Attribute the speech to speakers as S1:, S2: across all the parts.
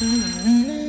S1: Mm-hmm.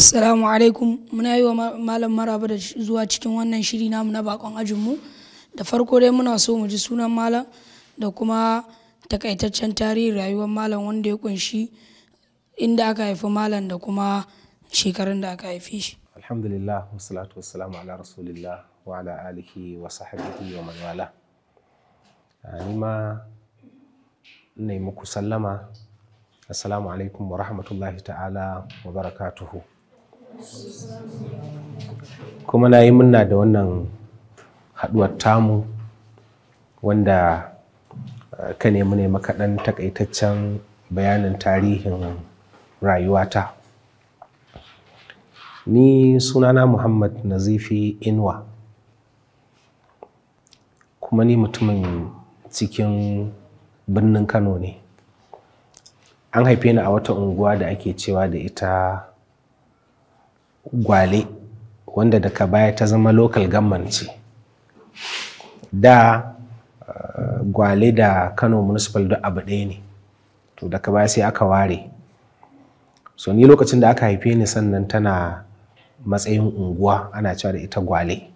S1: Assalamu alaikum muna yi wa malam maraba da zuwa cikin wannan shiri namu na bakon ajinmu da farko dai muna so mu ji sunan malam da kuma takaitaccen tarihin rayuwar malam wanda ya kunshi inda aka haifi malam da kuma shekarun da aka haife shi.
S2: Alhamdulillah wassalatu wassalamu ala rasulillah wa ala alihi wa sahbihi wa man wala. Ah, ni ma ne muku sallama. Assalamu alaikum wa rahmatullahi ta'ala wa barakatuhu. kuma na yi muna da wannan haduwar tamu wanda eh, ka nemi ne makaɗan takaitaccen bayanin tarihin rayuwata ni sunana muhammad nazifi inuwa kuma ni mutumin cikin birnin kano ne an haife ni a wata unguwa da ake cewa da ita gwale wanda daga baya ta zama local government ce da eh, gwale da kano municipal duk abu ɗaya ne to daga baya sai aka ware so ni lokacin da aka haife ni sannan tana matsayin unguwa ana cewa da ita gwale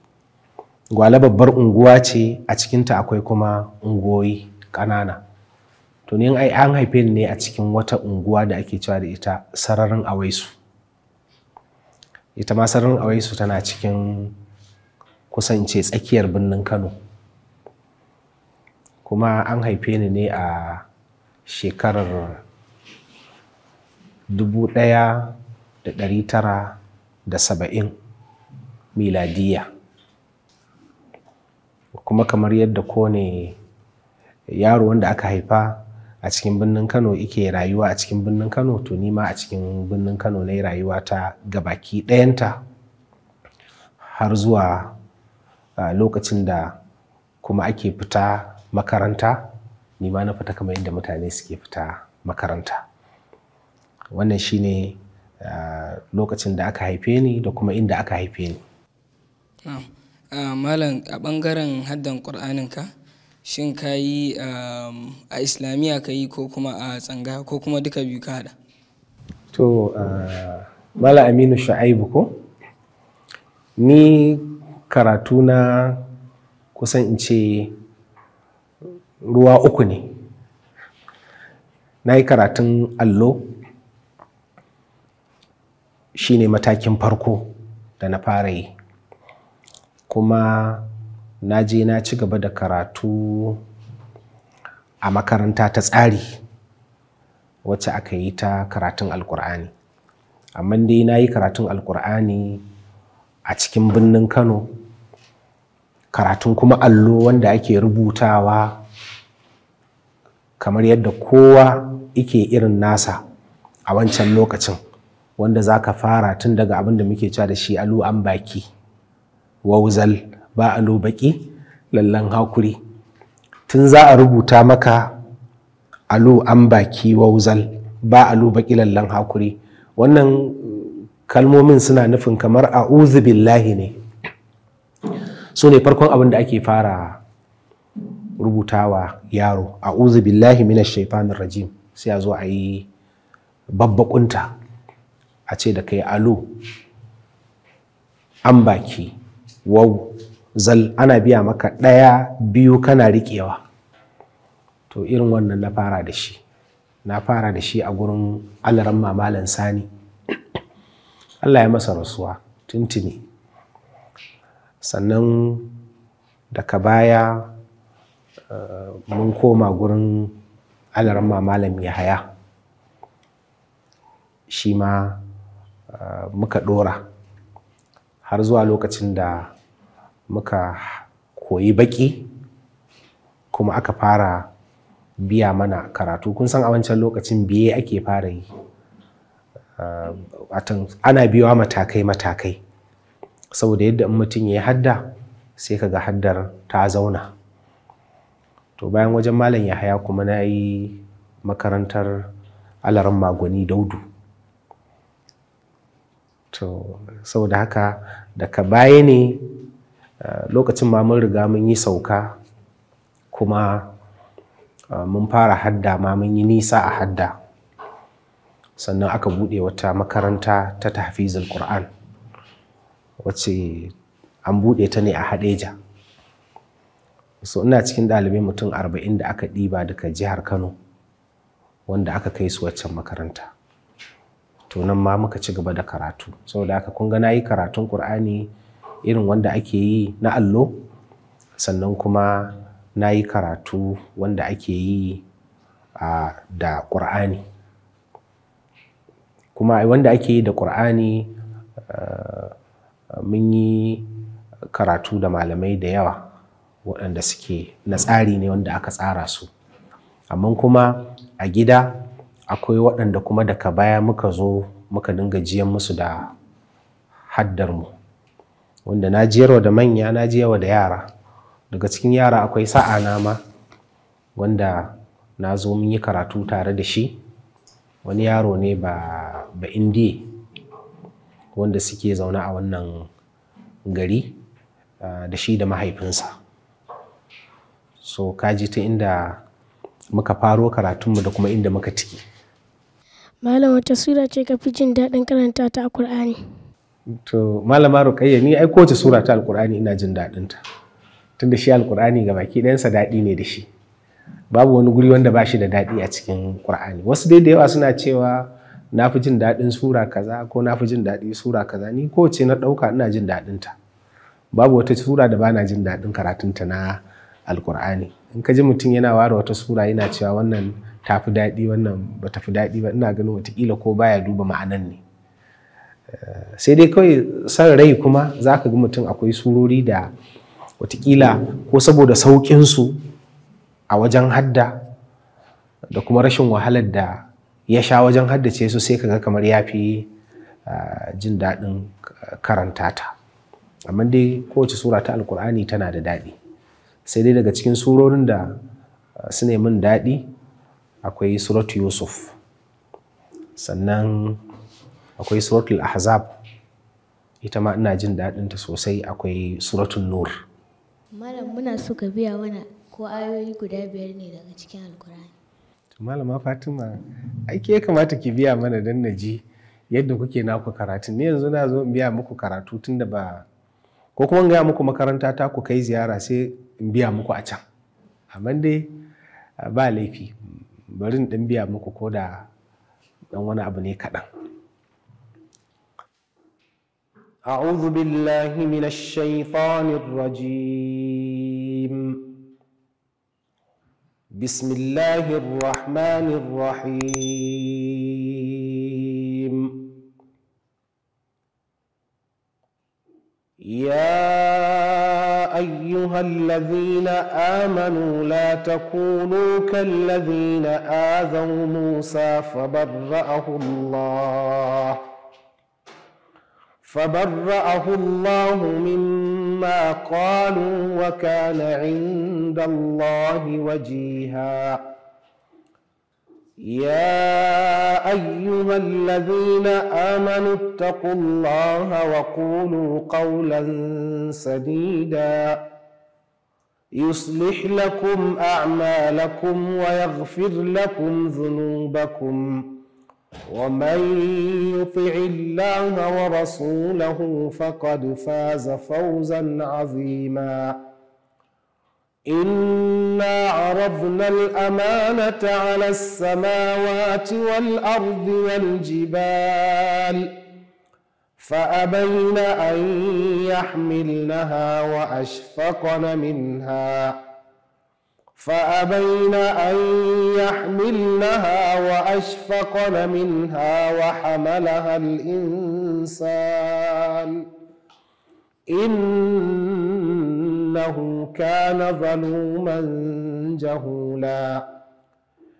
S2: gwale babbar unguwa ce a cikinta akwai kuma unguwoyi ƙanana to ni an haife ni ne a cikin wata unguwa da ake cewa da ita sararin awaisu ita ma awai awaisu tana cikin kusance tsakiyar birnin kano kuma an haife ni ne a shekarar 1970 miladiya kuma kamar yadda kone yaro wanda aka haifa a cikin birnin kano ike rayuwa a cikin birnin kano to nima a cikin birnin kano na rayuwa ta gabaki ɗayanta har zuwa lokacin da kuma ake fita makaranta nima na fita kamar yadda mutane suke fita makaranta wannan shine lokacin da aka haife ni da kuma inda aka haife ni
S1: malam a ɓangaren haddan ƙur'aninka Shin ka yi um, a Islamiyya ka yi ko kuma a tsanga
S2: ko kuma duka biyu ka haɗa? To, uh, Mala Aminu Sha'aibu ko? Ni karatu na kusan in ce ruwa uku ne. Na yi karatun allo shine matakin farko da na fara yi. Kuma na je na ci gaba da karatu a makaranta ta tsari wacce aka yi ta karatun alkur'ani amma dai na yi karatun alkur'ani a cikin birnin kano karatun kuma allo wanda ake rubutawa kamar yadda kowa ike irin nasa a wancan lokacin wanda za ka fara tun daga abin da muke cewa da shi alu an baki wauzal ba a lobaki lallan hakuri tun za a rubuta maka alo an baki wauzal ba a lobaki lallan hakuri wannan uh, kalmomin suna nufin kamar a billahi ne su ne farkon abin da ake fara rubutawa yaro a billahi minash shaitanir rajim sai a zo a yi babbaƙunta a ce da kai alo an baki wau zal ana biya maka ɗaya biyu kana riƙewa to irin wannan na fara da shi na fara da shi a gurin alaran mamalan sani allah ya masa rasuwa tuntuni sannan daga baya eh, mun koma gurin alaran mamalan haya. shi ma eh, muka ɗora har zuwa lokacin da muka koyi baki kuma aka fara biya mana karatu kun san a wancan lokacin biye ake fara yi ah, ana biyowa matakai-matakai saboda yadda in mutum ya yi hadda sai ka ga haddar ta zauna to bayan wajen malam ya haya, kuma na yi makarantar alaran magwani daudu to saboda haka daga baya ne lokacin ma mun riga mun yi sauka kuma ah, mun fara hadda ma mun yi nisa a hadda sannan aka buɗe wata makaranta ta tafizul Kur'an wacce an buɗe ta ne a hadeja so ina cikin ɗalibai mutum arba'in da aka ɗiba daga jihar kano wanda aka kai su waccan makaranta to nan ma muka ci gaba da karatu saboda haka kun ga na yi karatun ƙur'ani irin wanda ake yi na allo sannan kuma na yi karatu wanda ake yi da ƙur'ani kuma wanda ake yi da ƙur'ani mun yi karatu da malamai da yawa waɗanda suke na tsari ne wanda aka tsara su amma kuma a gida akwai waɗanda kuma daga baya muka zo muka dinga jiyan musu da haddarmu wanda na jiyarwa da manya na jiyarwa da yara daga cikin yara akwai sa'a na ma wanda na zo mun yi karatu tare da shi wani yaro ne ba ba indiya wanda suke zaune a wannan gari da shi da mahaifinsa so ji ta inda muka faro karatunmu da kuma inda muka ciki.
S1: malam wata sura ce ka fi jin daɗin karanta ta a Kur'ani.
S2: to malama ruqayya ni ai kowace sura ta alqur'ani ina jin daɗin ta tunda shi alqur'ani ga baki ɗayansa daɗi ne da shi babu wani guri wanda ba shi da daɗi a cikin qur'ani wasu dai da yawa suna cewa na fi jin daɗin sura kaza ko na fi jin daɗi sura kaza ni kowace na ɗauka ina jin daɗin ta babu wata sura da bana jin daɗin karatunta na alkur'ani in ka ji mutum yana ware wata sura yana cewa wannan ta fi daɗi wannan ba ta fi daɗi ba ina ganin watakila ko baya duba ma'anan ne sai dai kawai san rai kuma za ka ga mutum akwai surori da watakila ko saboda saukinsu a wajen hadda da kuma rashin wahalar da ya sha wajen haddace su sai kaga kamar ya fi ah, jin daɗin karanta ta amma dai kowace sura ta alkur'ani tana da daɗi sai dai daga cikin surorin da ah, su ne min daɗi akwai suratu yusuf sannan akwai suratul ahzab ita ma ina jin daɗin ta sosai akwai suratul nur
S1: malam muna so ka biya mana ko ayoyi guda biyar ne daga cikin alkur'ani
S2: malama fatima ai ke kamata ki biya mana dan na ji yadda kuke naku karatu ne yanzu na zo biya muku karatu tun da ba ko kuma ga gaya muku makaranta ta ku kai ziyara sai in biya muku a can amma dai ba laifi bari in biya muku ko da dan wani abu ne kaɗan
S1: أعوذ بالله من الشيطان الرجيم بسم الله الرحمن الرحيم يا أيها الذين آمنوا لا تكونوا كالذين آذوا موسى فبرأه الله فبرأه الله مما قالوا وكان عند الله وجيها يا أيها الذين آمنوا اتقوا الله وقولوا قولا سديدا يصلح لكم أعمالكم ويغفر لكم ذنوبكم ومن يطع الله ورسوله فقد فاز فوزا عظيما انا عرضنا الامانه على السماوات والارض والجبال فابين ان يحملنها واشفقن منها فأبين أن يحملنها وأشفقن منها وحملها الإنسان إنه كان ظلوما جهولا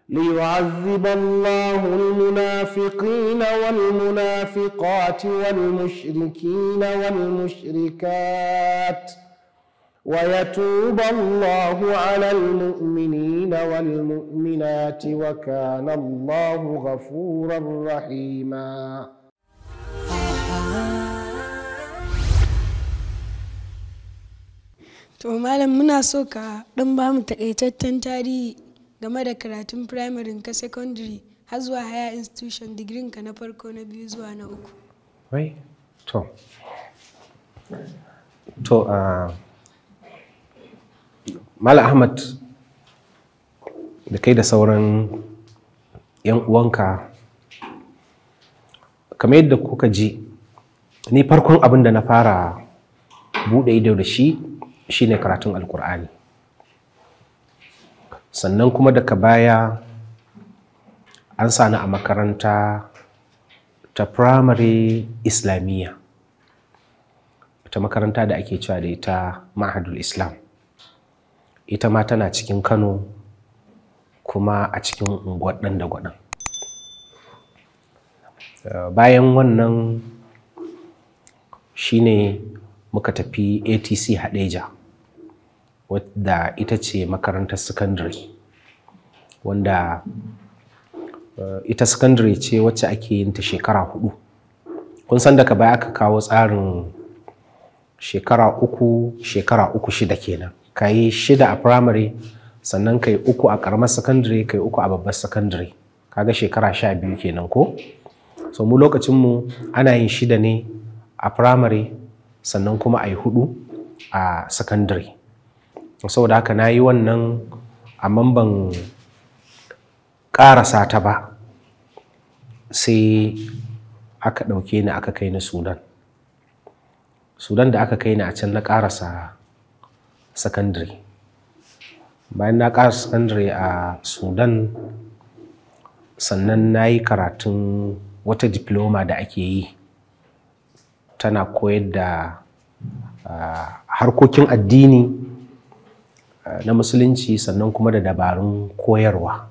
S1: ليعذب الله المنافقين والمنافقات والمشركين والمشركات ۖ ويتوب الله على المؤمنين والمؤمنات وكان الله غفورا رحيما to malam muna so ka ɗan ba mu takaitaccen tarihi game da karatun primary ka secondary har zuwa haya institution digirin ka na farko na biyu zuwa na uku
S2: wai to to uh, mala ahmad da kai da sauran 'yan uwanka kamar yadda kuka ji ni farkon abin da na fara buɗe ido da shi shine karatun alkur'ani sannan kuma daga baya an sani a makaranta ta firamare islamiyya ta makaranta da ake cewa da ita maadul islam ita ma tana cikin kano kuma a cikin unguwar ɗan da gwaɗan eh, bayan wannan shi ne muka tafi atc hadeja wadda ita ce makarantar secondary wanda eh, ita secondary ce wacce ake yin ta shekara hudu kun san daga baya aka kawo tsarin shekara uku shekara uku shida kenan ka yi shida a firamare sannan ka yi uku a karamar secondary ka yi uku a babbar secondary kaga shekara sha biyu kenan ko so mu lokacinmu ana yin shida ne a firamare sannan kuma a yi hudu a secondary saboda haka na yi wannan amma ban karasa ta ba sai aka ɗauke ni aka kai ni sudan sudan da aka kai ni a can na karasa secondary bayan na ƙara secondary a sudan sannan na yi karatun wata diploma da ake yi tana koyar da harkokin addini na musulunci sannan kuma da dabarun koyarwa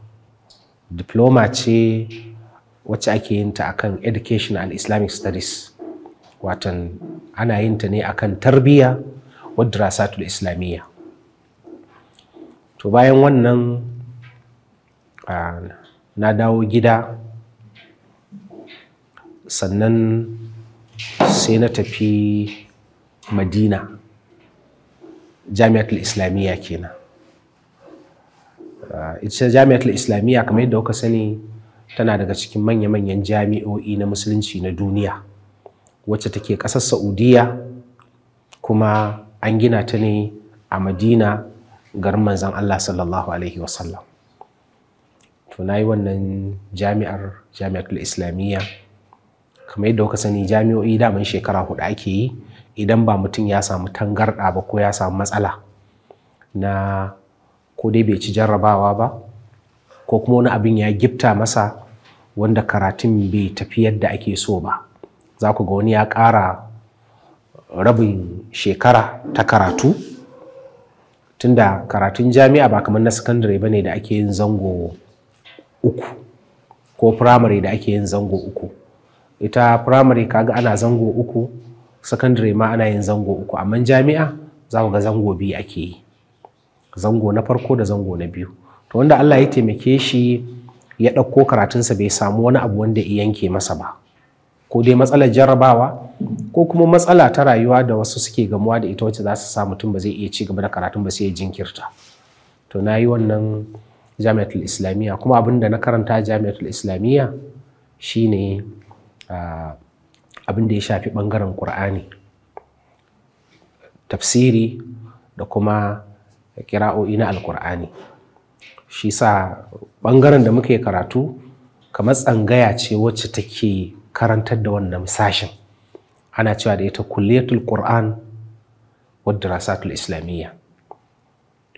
S2: diploma ce wacce ake yin ta akan education and islamic studies watan ana yin ta ne akan tarbiyya da islamiyya to bayan wannan na dawo gida sannan sai na tafi madina jami'atul islamiyya kenan ita jami'atul islamiyya kamar yadda kuka sani tana daga cikin manya-manyan jami'o'i na musulunci na duniya wacce take ƙasar saudiya kuma an gina ta ne a madina garin manzan allah sallallahu alaihi wasallam to na yi wannan jami'ar jami'atul islamiyya kamar yadda kuka sani jami'o'i daman shekara hudu ake yi idan ba mutum ya samu tangarɗa ba ko ya samu matsala na ko dai bai ci jarrabawa ba ko kuma wani abin ya gifta masa wanda karatun bai tafi yadda ake so ba za ku ga wani ya ƙara rabin shekara ta karatu tunda karatun jami'a ba kamar na sakandare ba ne da ake yin zango uku ko firamare da ake yin zango uku ita firamare kaga ana zango uku sakandare ma ana yin zango uku amma jami'a za ga zango biyu ake yi zango na farko da zango na biyu to wanda Allah ya taimake shi ya ɗauko karatunsa bai samu wani abu wanda ya yanke masa ba ko dai matsalar jarrabawa ko kuma matsala ta rayuwa da wasu suke gamuwa da ita wacce za su sa mutum ba zai iya ci gaba da karatun ba sai ya jinkirta to na yi wannan jami'atul islamiyya kuma abin da na karanta jami'atul islamiyya shine abin da ya shafi bangaren qur'ani tafsiri da kuma kira'o'i na alkur'ani shi sa bangaren da muke karatu kamar tsangaya ce wacce take karantar da wannan sashen ana cewa da ita kulliyatul qur'an wa dirasatul islamiyya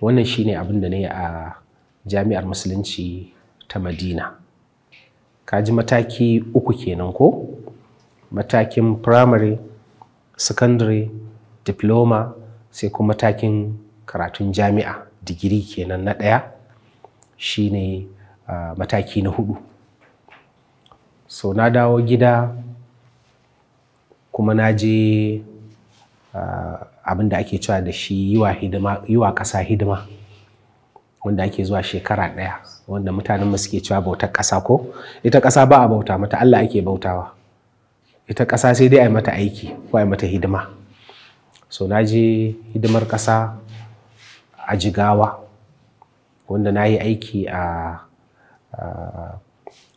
S2: wannan shine abin da ne a jami'ar musulunci ta madina kaji mataki uku kenan ko matakin primary secondary diploma sai kuma matakin karatun jami'a digiri kenan na ɗaya shine uh, mataki na hudu so na dawo gida kuma na je uh, abin da ake cewa da shi yi wa ƙasa hidima wanda ake zuwa shekara ɗaya wanda mutanen mu suke cewa bautar ƙasa ko ita ƙasa ba a bauta mata Allah ake bautawa ita ƙasa sai dai a yi mata aiki ko a yi mata hidima so na je hidimar ƙasa a jigawa wanda na yi aiki a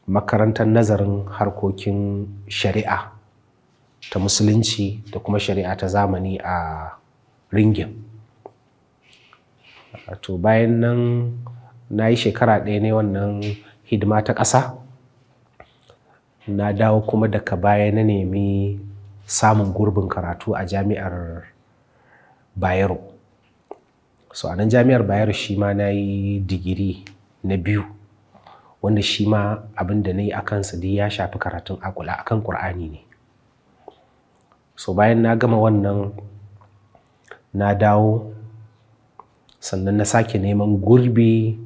S2: makarantar nazarin harkokin shari'a ta musulunci da kuma shari'a ta zamani a ringin to bayan nan na yi shekara ɗaya ne wannan hidima ta ƙasa na dawo kuma daga baya na nemi samun gurbin karatu a jami'ar bayero so a jami'ar bayero shi ma na yi digiri na biyu wanda shi ma abin da na yi a kansa dai ya shafi karatun akula a kan ƙur'ani ne so bayan na gama wannan na dawo sannan na sake neman gurbi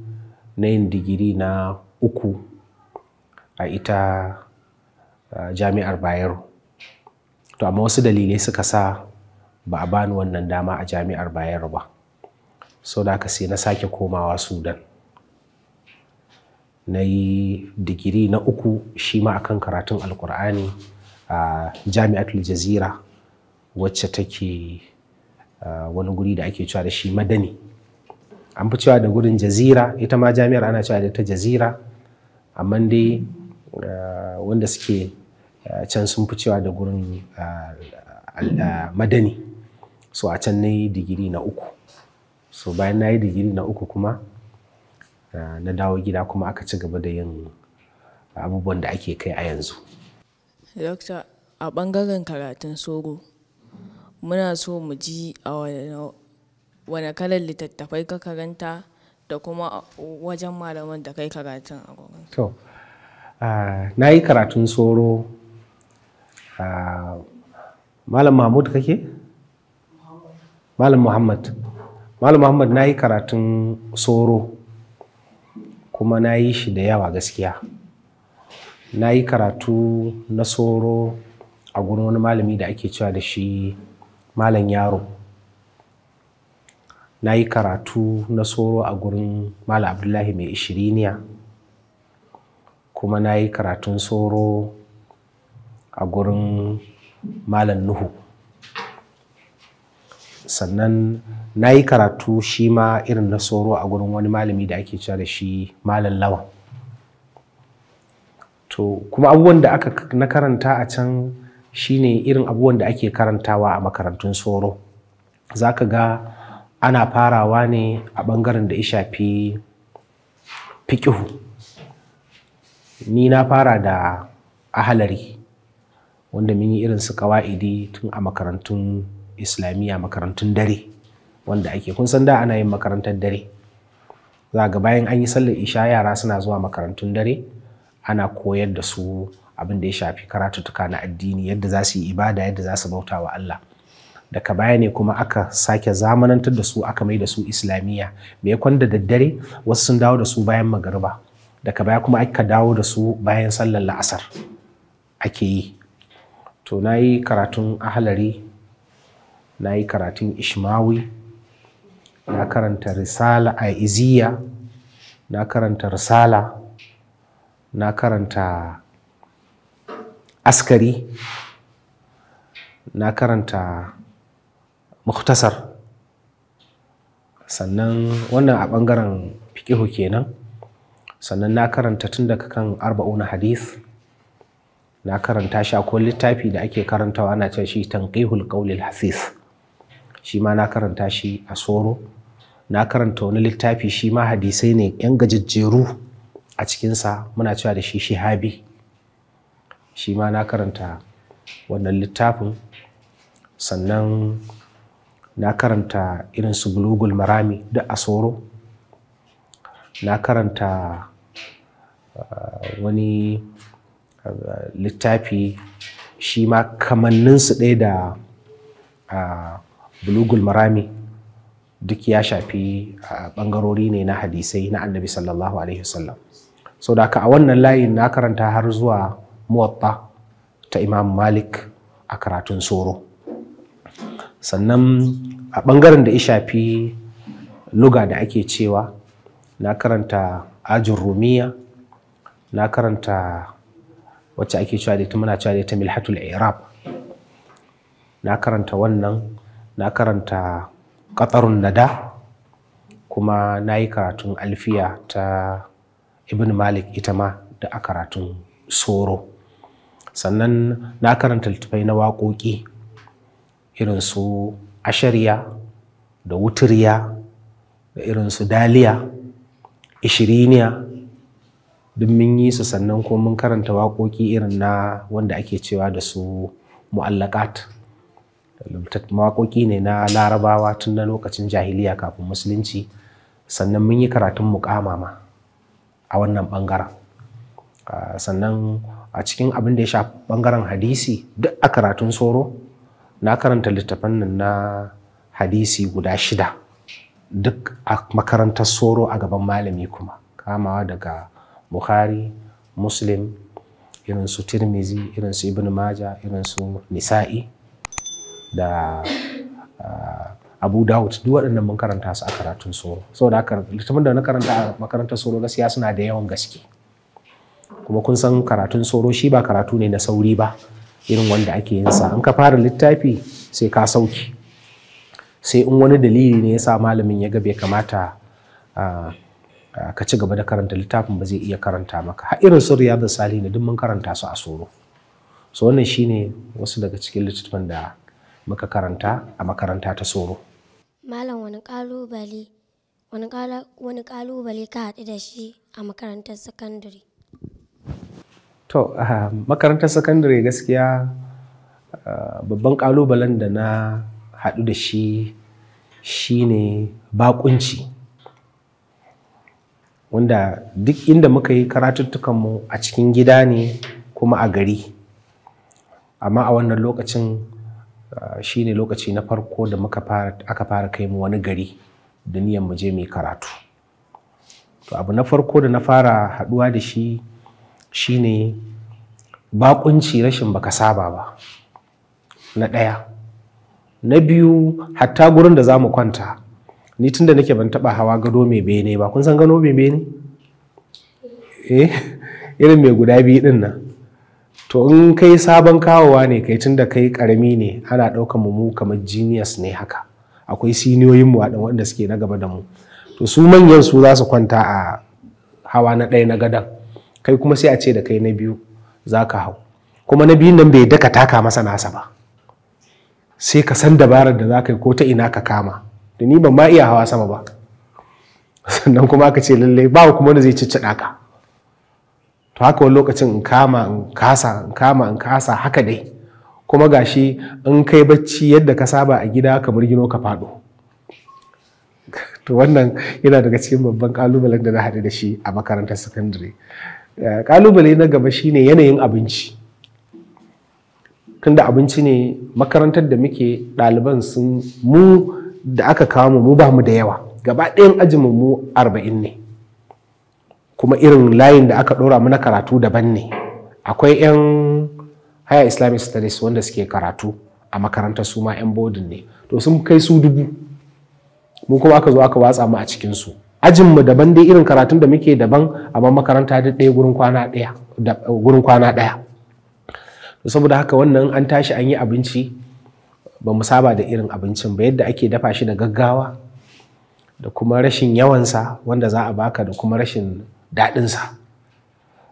S2: na yin digiri na uku a ita jami'ar bayero to amma wasu dalilai suka sa ba a bani wannan dama a jami'ar bayero ba so da haka sai na sake komawa sudan na yi digiri na uku shi ma akan karatun alkur'ani a jami'atul jazira wacce take wani guri da ake cewa da shi madani an fi cewa da gurin jazira ita ma jami'ar ana cewa da ta jazira amma dai wanda suke can sun fi cewa da gurin madani so a can na yi digiri na uku so bayan na yi digiri na uku kuma Eh, na dawo gida kuma aka ci gaba da yin abubuwan da ake kai a yanzu.
S1: Dokta, a ɓangaren karatun soro, muna so mu ji a wane kalar littattafai ka karanta da kuma wajen malaman da kai karatun a
S2: gurin. To, eh, na yi karatun soro, eh, Malam Mahmud kake? Malam Muhammad. Malam Muhammad na yi karatun soro. kuma na yi shi da yawa gaskiya na yi karatu na soro a gurin wani malami da ake cewa da shi malam yaro na yi karatu na soro a gurin malam abdullahi mai ishiriniya kuma na yi karatun soro a gurin malam nuhu sannan na yi karatu shi ma irin na soro a gurin wani malami da ake cewa da shi malam lawa to kuma abubuwan da aka na karanta a can shine irin abubuwan da ake karantawa a makarantun soro za ka ga ana farawa ne a bangaren da ya shafi fiƙihu ni na fara da ahalari wanda mun yi irin su kawa'idi tun a makarantun islamiyya makarantun dare wanda ake kun san da ana yin makarantar dare za ga bayan an yi sallar isha yara suna zuwa makarantun dare ana koyar da su abin da ya shafi karatuttuka na addini yadda za su yi ibada yadda za su bauta wa Allah daga baya ne kuma aka sake zamanantar da su aka mai da su islamiyya Me ya kwanda da daddare wasu sun dawo da su bayan magariba daga baya kuma aka dawo da su bayan sallar la'asar ake yi to na yi karatun ahalari na yi karatun ishmawi na karanta risala a iziya na karanta risala na karanta askari na karanta muktasar sannan wannan a ɓangaren fiƙihu kenan sannan na karanta tun daga kan arba'u na hadith na karanta shi akwai littafi da ake karantawa ana cewa shi tanqihul qawlil hasis shi ma na karanta shi a soro na karanta wani littafi shi ma hadisai ne yan gajejjeru a cikinsa muna cewa da shi shihabi shi ma na karanta wannan littafin sannan na karanta irin su bulugul marami da a soro na karanta eh, wani eh, littafi shi ma kamanninsu ɗaya da ah, bulugul marami duk ya shafi bangarori ne na hadisai na annabi sallallahu alaihi wasallam so da a wannan layin na karanta har zuwa muwatta ta imam malik a karatun soro sannan a bangaren da ya shafi luga da ake cewa na karanta ajin rumiya na karanta wacce ake cewa da ita muna cewa da ita milhatul irab na karanta wannan na karanta ƙatsarun nada kuma na yi karatun alfiya ta ibn malik ita ma da a karatun soro sannan na karanta littattafai na waƙoƙi irin su ashariya da wuturiya da irin su daliya ishiriniya duk mun yi su sannan ko mun karanta waƙoƙi irin na wanda ake cewa da su mu'allakat waƙoƙi ne na larabawa tun na lokacin jahiliya kafin musulunci sannan mun yi karatun mukama ma a wannan ɓangaren sannan a cikin abin da ya sha ɓangaren hadisi duk a karatun tsoro na karanta littafan nan na hadisi guda shida duk a makarantar tsoro a gaban malami kuma kamawa daga bukhari muslim irinsu tirmizi irinsu ibn maja irinsu nisa'i da ah, abu dawud duk waɗannan mun karanta su a karatun soro saboda haka littafin da na karanta a makarantar soro gaskiya suna da yawan gaske kuma kun san karatun soro shi ba karatu ne na sauri ba irin wanda ake yin sa an ka fara littafi sai ka sauki sai in wani dalili ne ya sa malamin ya ga bai kamata ah, ah, ka ci gaba da karanta littafin ba zai iya karanta maka har irin su riyadu sali ne duk mun karanta su a soro so wannan shine wasu daga cikin littafin da muka karanta a makaranta ta soro
S1: malam wani kalubale wani kalubale ka haɗu da shi a makarantar sakandare
S2: to makarantar sakandare gaskiya babban kalubalen da na haɗu da shi shine bakunci wanda duk inda muka yi karatuttukanmu a cikin gida ne kuma a gari amma a wannan lokacin Ah, shine lokaci na farko da aka fara kai mu wani gari da niyan mu je mu karatu to abu na farko da na fara haduwa da shi shi ne bakunci rashin baka saba ba na ɗaya na biyu hatta gurin da za mu kwanta ni tun da nake ban taba hawa gado mai bene ba kun san gado mai bene eh, eh irin mai guda biyu din nan to in kai sabon kawowa ne kai tun da kai karami ne ana ɗaukan mu mu kamar genius ne haka akwai siniyoyin mu waɗanda wanda suke na gaba da mu to su manyan su za su kwanta a hawa na ɗaya na gadan kai kuma sai a ce da kai na biyu za ka hau kuma na biyun nan bai daka taka masa nasa ba sai ka san dabarar da za ka yi ko ta ina ka kama da ni ban ma iya hawa sama ba sannan kuma aka ce lallai ba kuma wanda zai ciccida ka to haka wani lokacin in kama in kasa in kama in kasa haka dai kuma gashi in kai bacci yadda ka saba a gida ka gino ka faɗo to wannan yana daga cikin babban kalubalen da na haɗu da shi a makarantar sakandare kalubale eh, na gaba shine yanayin abinci tunda abinci ne makarantar da muke ɗaliban sun mu da aka kawo mu mu ba mu da yawa gaba ɗayan ajinmu mu arba'in ne kuma irin layin da aka ɗora mana karatu daban ne akwai 'yan haya islamic studies wanda suke karatu a makarantar su ma 'yan bodin ne to sun kai su dubu mu kuma aka zo aka watsa mu a cikin su ajin mu daban dai irin karatun da muke daban amma makaranta duk ɗaya gurin kwana ɗaya saboda haka wannan an tashi an yi abinci ba mu saba da irin abincin ba yadda ake dafa shi da gaggawa da kuma rashin yawansa wanda za a baka da kuma rashin daɗinsa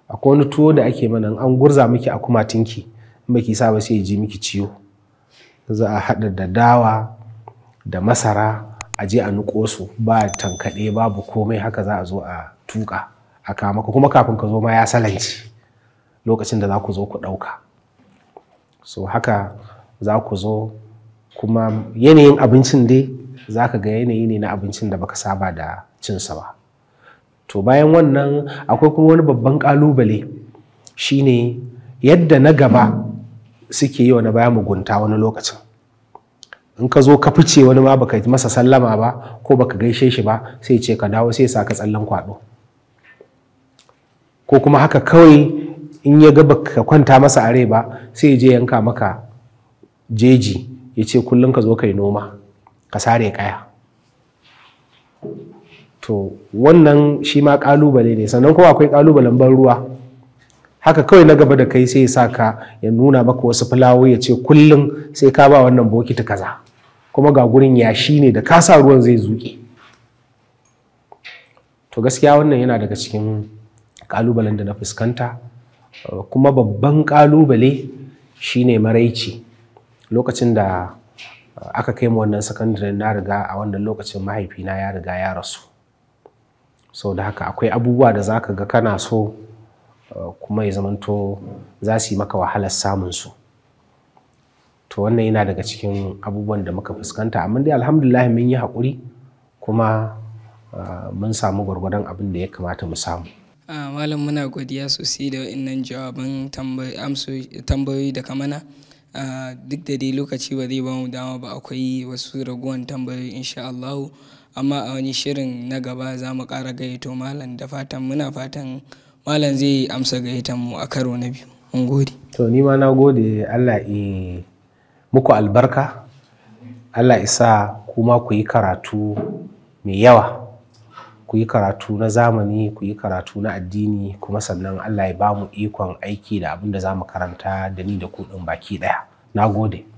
S2: akwai wani tuwo da ake mana an gurza miki a kumatinki in baki sa ba sai ya ji miki ciwo za a haɗa da dawa da masara a je a nuko su ba tankaɗe babu komai haka za a zo a tuƙa a kama kuma kafin ka zo ma ya salanci lokacin da za ku zo ku ɗauka so haka za ku zo kuma yanayin abincin dai za ka ga yanayi ne na abincin da baka saba da cinsa ba to bayan wannan akwai kuma wani babban kalubale shine yadda na gaba suke yi wani na baya mugunta wani lokacin in ka zo ka fice wani ma baka masa sallama ba ko baka gaishe shi ba sai ce ka dawo sai sa ka tsallan kwado ko kuma haka kawai in ya ga baka kwanta masa are ba sai je yanka maka jeji ya ce kullum ka zo kai noma ka sare kaya to wannan shi ma kalubale ne sannan kuma akwai kalubalen ban ruwa haka kawai na gaba da kai sai ya ka ya nuna maka wasu fulawo ya ce kullum sai ka ba wannan bokiti kaza kuma ga gurin yashi ne da kasa ruwan zai zuke to gaskiya wannan yana daga cikin kalubalen da na fuskanta kuma babban kalubale shine maraici lokacin da aka kai mu wannan sakandare na riga a wannan lokacin mahaifina ya riga ya rasu sau da haka akwai abubuwa da za ka ga kana so eh, kuma ya zamanto za su yi maka wahalar samunsu to wannan yana daga cikin abubuwan da muka fuskanta amma dai alhamdulillah mun yi hakuri kuma eh, mun samu gwargwadon abin da ya kamata mu samu
S1: ah, malam muna godiya sosai da wa'annan jawaban tambayoyi da kamana ah, duk da dai lokaci ba zai ba mu dama ba akwai wasu raguwan tambayoyi insha Allahu amma a wani shirin na gaba za mu ƙara gayyato malam da fatan muna fatan
S2: malam zai amsa gayyatan mu a karo na biyu mun gode to ni ma na gode Allah muku albarka Allah isa kuma ku yi karatu mai yawa ku yi karatu na zamani ku yi karatu na addini kuma sannan Allah ya bamu ikon aiki da abin da za mu karanta da ni da ku ɗin baki ɗaya na gode